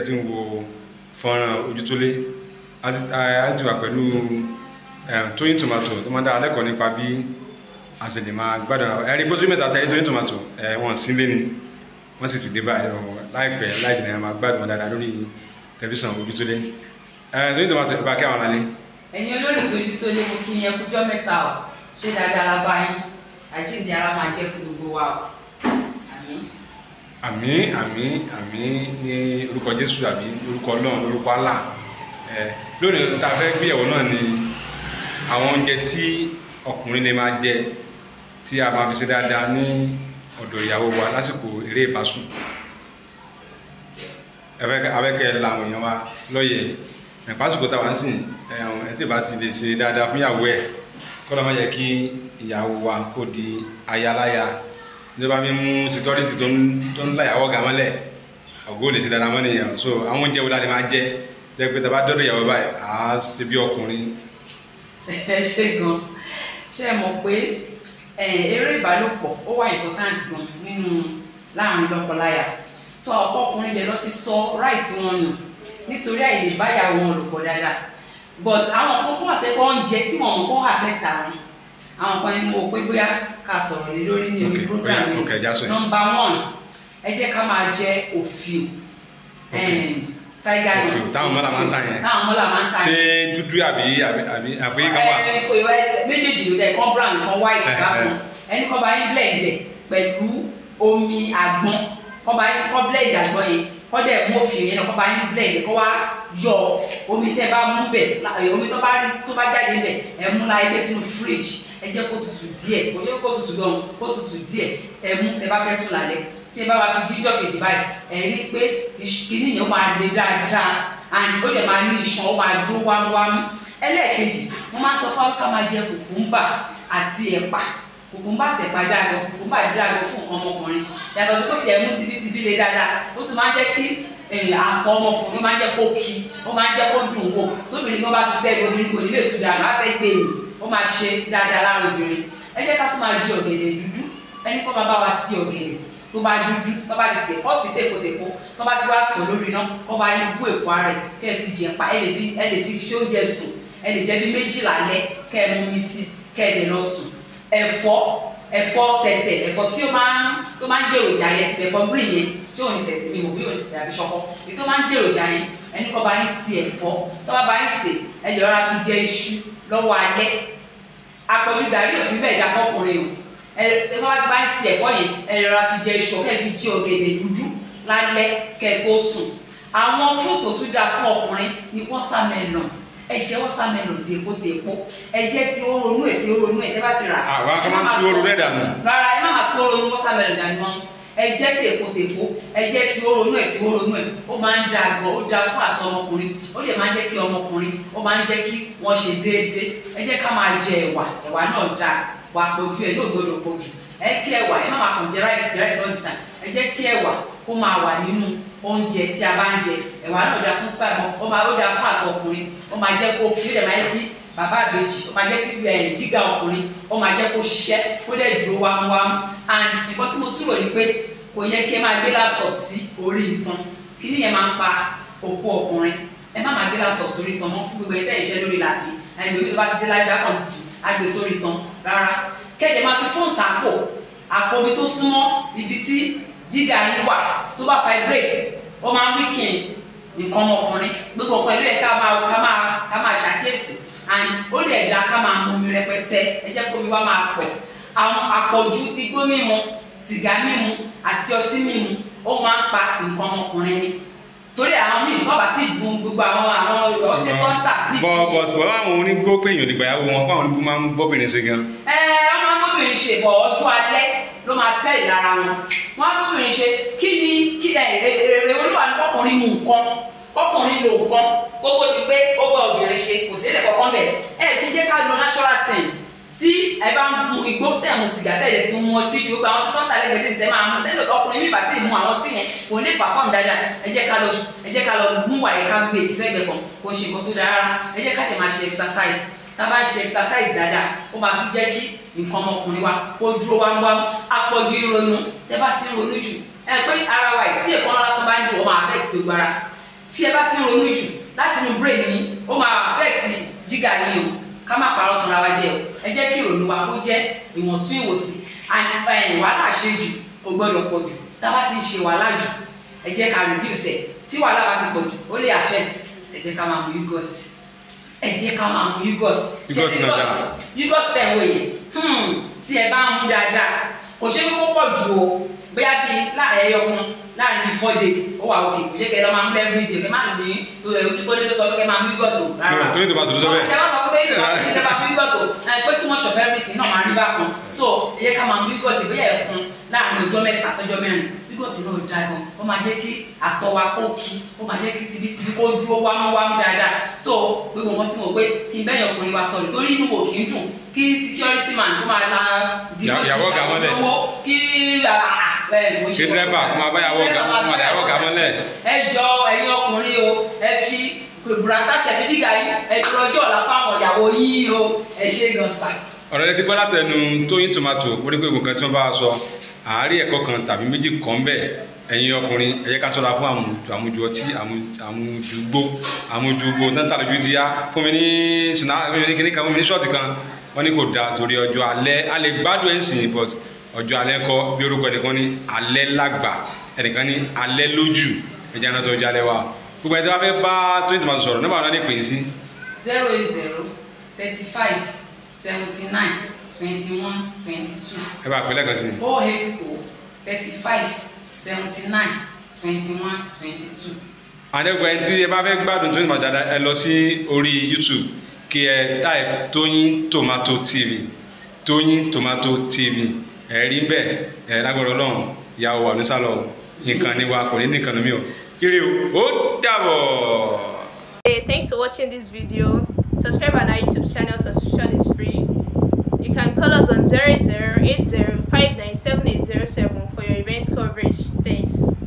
tí ẹ ti ń wo fọ́nrán Ojútólé a ti wà pẹ̀lú Tóyìn Tòmátò tó máa ń dá alẹ́kọ̀ọ́ nípa bí a ṣe lè máa gbádùn ara ẹ̀rí bó tó mẹ́ta tẹ́lẹ̀ Tóyìn Tòmátò wọ́n sí lé ni wọ́n sì ti dé báyìí láìpẹ́ láì jìnnà máa gbádùn wọn dáadáa lórí tẹlifíṣàn Ojútólé Tóyìn Tòmátò ẹ bá kí àwọn alẹ́. ẹ̀yin olólùfẹ́ Ojútólé mo kí yẹn kújọ́ mẹ́ta ọ̀ ṣé dáadáa la bá yín àjíǹde ara máa jẹ́ fún gbogbo wa ọ̀ àmín àmín àmín àmín ní orúkọ jésù àmín orúkọ náà orúkọ allah ẹ lónìí tá a fẹ́ gbéyàwó náà ni àwọn oúnjẹ tí ọkùnrin lè máa jẹ tí a máa fi ṣe dáadáa ní ọ̀dọ̀ ìyàwó wa lásìkò eré ìbásùn abẹ́kẹ́ làwọn èèyàn wa lọ́yẹ̀ ìpásùkò táwa ń sìn ẹ̀hún ẹtí bá ti lè ṣe dáadáa fún ìyàwó ẹ̀ kọ́ ló máa yẹ kí ìyàwó wa kó di ayaláya ní bá fi mú security tó ń láyàwó ga mọ́lẹ̀ ọ̀gọ́ lè ṣe dára mọ́ nìyẹn so àwọn oúnjẹ wo la lè máa jẹ jẹ pé tàbá dọ́dọ̀ ìyàwó báyìí à á ṣe bí ọkùnrin. ẹ ṣe gan ṣe mọ̀ pé eré ìbálòpọ̀ ó wà important gan nínú láàrin lọ́kọláya so ọ̀pọ̀ ọkùnrin lè lọ ti sọ right wọn nù nítorí àìlè báyàwó wọn lò pọ̀ dáadáa but àwọn kókó àtẹ́kọ̀ọ́ oúnjẹ tí wọ́n mọ̀ kó àfẹ́ tà wọn àwọn kan ẹni mo pé bóyá ká sọ̀rọ̀ lé lórí ní orí program yìí number one ẹ jẹ́ ká máa jẹ òfìò tiger nut táwọn táwọn mọ́là máa ń ta yẹn ṣé dúdú àbí àbí àbí kan wà. méjèèjì ló dẹ kan brown kan white eh, eh, kan eh. ẹni kan bá yín blend ẹ pẹ̀lú omi àgbọn kan bá yín kan blend àgbọn yẹn kọ́ dẹ̀ mú òfin yẹn náà bá yín blend kọ́ wá yọ omi tẹ́ bá mú bẹ̀ omi tó bá jáde bẹ̀ ẹ̀ mú la ẹgbẹ́ sínú fridge ẹ jẹ́ kó tutù díẹ̀ kò ṣe kó tutù gan kó tutù díẹ̀ ẹ mú tẹ bá fẹ́ sùn lálẹ́ tí ẹ bá wa fi jíjọ́ kejì báyìí ẹ rí i pé kìíní yẹn máa le dáadáa àyìnbó dẹ̀ máa ní iṣan ó máa dúró wámúwámú ẹlẹ́ẹ̀kejì mo máa ń sọ fáwọn ká máa jẹ kùkùmbà àti ẹ̀pà kùkùmbà àti ẹ̀pà dáadọ́ kùkùmbà dáadọ́ fún ọmọkùnrin yàtọ̀ sí kó sì ẹ̀ mú tibítibí le dáadáa ó tún máa ń jẹ́ kí àtọ ọmọkùnrin máa ń jẹ́ kó kí ó máa ń jẹ́ kó dùn wò tóbi ní kí wọ́n bá fi sẹ́yìn obìnrin kò ní lè sùn dànù á fẹ́ gbé mi ó máa ṣe dáadáa lára obìnrin ẹ jẹ́ ká tún máa jẹ ọ̀gẹ̀dẹ̀ dúdú ẹni kọ́ máa bá wa sí ọ̀gẹ̀dẹ̀ tó bá dúdú tó bá ti sè kọ́ sí tèkótèkó tó bá ti wá sọ lórí iná kọ́ bá yín bú èkó ara ẹ̀ kẹ́ ẹ fi jẹ pa ẹ lè fi ṣe oúnjẹ sùn ẹ lè jẹ bí méjìlá lẹ́ kẹ́ ẹ mú mi sí kẹ́ ẹ dẹ̀ lọ sùn ẹ̀fọ́ ẹ̀fọ́ tẹ̀tẹ̀ ẹ̀fọ́ tí ó máa ń tó máa ń jẹ èròjà yẹn ti ẹ̀fọ́ green yẹn tí ò ní tẹ̀tẹ̀ mi mò bí òní tàbí ṣọkọ èyí tó máa ń jẹ èròjà yẹn ẹni kọ́ bá yín sè ẹ̀fọ́ tó bá bá yín sè ẹ fi jẹ iṣu lọ́wọ́ alẹ́ àpọ̀jù gàrí òfin bẹ́ẹ̀ dá fọkùnrin o ẹ ẹ fọwọ́ ti bá ń ti ẹ̀fọ́ yẹn ẹ rọra fi jẹ iṣu kẹ́ ẹ fi jẹ ọ̀gẹ̀dẹ̀ dúdú lálẹ́ kẹ́ ẹ tó sùn àwọn fúrúùtù tún dáa fún ọkùnrin ní watermelon ẹ jẹ watermelon dèpo dèpo ẹ jẹ ti oronú ẹ ti oronú ẹ tẹ bá ti rà. àwọn akọ́mọ́ ti oorun rẹ̀ dànù. rárá ẹ má máa ti oorun watermelon dànù mọ́ ẹ jẹ́ tèpo tèpo ẹ jẹ́ tí ó ronú ẹ̀ tí ó ronú ẹ̀ ó máa ń da àgọ́ ó da fún àti ọmọkùnrin ó lè máa ń jẹ́ kí ọmọkùnrin ó máa ń jẹ́ kí wọ́n ṣe déédéé ẹ jẹ́ ká máa jẹ ẹ̀wà ẹ̀wà náà da wà pọ̀jù ẹ̀ náà gbọ́dọ̀ pọ̀jù ẹ kí ẹ̀wà ẹ má máa kàn jẹ rice rice all the time ẹ jẹ́ kí ẹ̀wà kó máa wà nínú oúnjẹ tí a bá ń jẹ ẹ̀wà náà da fún bàbá àbèjì ó máa kí ẹ̀ jíga ọkùnrin ó máa kó ṣiṣẹ́ kó dẹ̀ dúró wámúwámú and nǹkan mo súrò ni pé kò yẹ kí ẹ máa gbé laptop sí orí itan kí ni yẹn máa ń pa òkú ọkùnrin ẹ má máa gbé laptop sórí itan mọ́ fún gbogbo ẹ̀ tẹ́ ìṣẹ́ lórí làbí ẹni omi tó bá ti dé láyé dákàn jù àgbè sórí itan rárá kẹ́jẹ́ máa fi fóònù sápò àpò omi tó súnmọ́ ibi tí jíga yín wà tó bá vibrate ó máa ń wíkìn nǹkan ọmọkùnrin gbogbo ọkùnrin ló yẹ ká máa ká máa ṣàkíyèsí and ó lè dá ká máa mu omi rẹpẹtẹ ẹ jẹ́ kó omi wá máa pọ̀ àwọn àpọ̀jù igbó mímu sìgá mímu àti ọtí mímu ó máa ń pa nǹkan ọmọkùnrin ni torí àwọn míì kọ́ bá ti bu gbogbo àwọn àwọn ọtí kọ́ńtà. bọ bọ tùbọ̀ àwọn onígbó pé èèyàn lè gbàyàwó wọn fáwọn onígbó máa ń bọ́bìnrin ṣe gan. ẹ ẹ máa ń bọ́bìnrin ṣe bọ̀ ọjọ́ alẹ́ ló máa tẹ́ ìlara wọn wọn á bọ́bìnrin ṣe kí ni kí ẹ èrè olúwa ni kọkùnrin mu nǹkan kọkùnrin lo nǹkan kókó ni pé ó bá obìnrin ṣe kò sí ilẹ̀ kọ̀ọ̀kan bẹ̀ ẹ ṣe jẹ́ ká lo natural thing tí ẹ bá ń mu igbó tẹ̀ mu sìgá tẹ̀ yẹ ti mu ọtí ju gbogbo àwọn tí wọ́n ń ta lẹ́gbẹ̀ẹ́ tí tẹ̀ máa mu tẹ́lẹ̀ ọkùnrin mi bàtí mu àwọn tí yẹn kò ní pàfọ́ọ̀mù dáadáa ẹ jẹ́ ká lọ ẹ jẹ́ ká lọ mú wàyè ká gbé etí sẹ́gbẹ̀ẹ́ kan kò ń ṣe nǹkan tó dáa rárá ẹ ká tẹ̀ máa ṣe exercise tá a bá ń ṣe exercise dáadáa ó máa tún jẹ́ kí nǹkan ọmọkùnrin wa kó dúró wámúwámú àpọ̀jù ronú tẹ́ bá ti ń ronú jù ẹ pé ara wa brain yìí ó máa affect jíga ká má parọ́ tanra wa jẹ o ẹ jẹ́ kí ìròyìn kó jẹ́ ìwọ̀ntún ìwòsí eh, wàhálà ṣe jù kò gbọ́dọ̀ pọ̀ jù tá a bá ti ń ṣe wàhálà jù ẹ jẹ́ ká reduce tí wàhálà bá ti pọ̀ jù ó lè affect ẹ jẹ́ ká máa mu yogurt ẹ jẹ́ ká máa mu yogurt ṣe yogurt yogurt tẹ̀ wọ̀ hmm, tí ẹ bá ń mu dáadáa kò ṣe kókó pọ̀ jù o bóyá bíi láàrin ẹyọkun láàrin bíi four days ó wà òkè kò jẹ́ kẹ́ ẹ lọ máa ń bẹ́ every day kẹ́ máa ní tó ẹ ojú tó lé tó sọ pé kẹ́ máa mú yígọ̀tò rárá. torí tó bá tó ló sọ bẹ́ẹ̀. ẹ wá sọ pé ìlú àwọn ìdílé bá mú yígọ̀tò pé too much of everything náà máa rí bákan so ẹ yẹ ká máa mú yígọ̀tì bóyá ẹ̀kún láàrin ọjọ́ mẹ́ta sọ́jọ́ mẹ́rin yígọ̀tì náà da gan ó máa jẹ́ kí àtọ̀ wa kó kí ó máa jẹ́ kí tibitibi kó dúró wámú wámú dáadáa so gbogbo wọn ti mọ̀ pé kí n bẹ́yàn ọkùnrin wa sọ̀rọ̀ torí inú wo kì í dùn kí security man kó máa la. yàwó gàmọ́lẹ̀ kí ṣe dírẹ́fà kó máa báyàwó ọ̀gá kó máa dàyàwó ọ̀gá mọ́lẹ̀. ẹ jọ ẹ̀yin ọkùnrin o ẹ fi bùrọ̀dá ṣẹ̀fídìgà yìí ẹ fi ọjọ́ ọ̀la fáwọn ìyàwó yìí o ẹ ṣe gan ọ̀rọ̀ ẹ ti gbọ́ látẹnu Tóyìn Tomato pérépé ogun kan tí wọ́n bá sọ àárí ẹ̀kọ́ kan tàbí méjì kan bẹ́ẹ̀ ẹ̀yin ọkùnrin ẹ jẹ́ ká ṣọ́ra fún àmujù ọtí àmujùgbó àmujùgbó tẹ́ntàlójú ti yá fún mi ọjọ́ alẹ́ kọ́ bí orúkọ ẹnìkan ní alẹ́ làgbà ẹnìkan ní alẹ́ lójú ẹ̀jẹ̀ náà sọ ọjọ́ alẹ́ wa gbogbo ẹni tí wọ́n fẹ́ bá tóyìn tó máa sọ̀rọ̀ nígbà wọn náà lè pè é sí. zero eight zero thirty five seventy nine twenty one twenty two. ẹ bá àpẹẹlẹ kan sí. oh eight oh thirty five seventy nine twenty one twenty two. àdẹ́gbẹ́ ẹni tí ẹ bá fẹ́ gbádùn tóyìn tó máa dáadáa ẹ lọ sí orí YouTube kí ẹ type tóyìn tomato tv tóyìn tomato tv ẹ̀rí ń bẹ̀ ẹ̀ lágbọ̀dọ̀ ọlọ́run ìyá wa ní sálọ nìkan ni wa kò ní nìkan mi o ire ó dàbọ̀. hey thanks for watching this video subscribe on our youtube channel subscription is free you can call us on zero zero eight zero five nine seven eight zero seven for your event coverage thanks.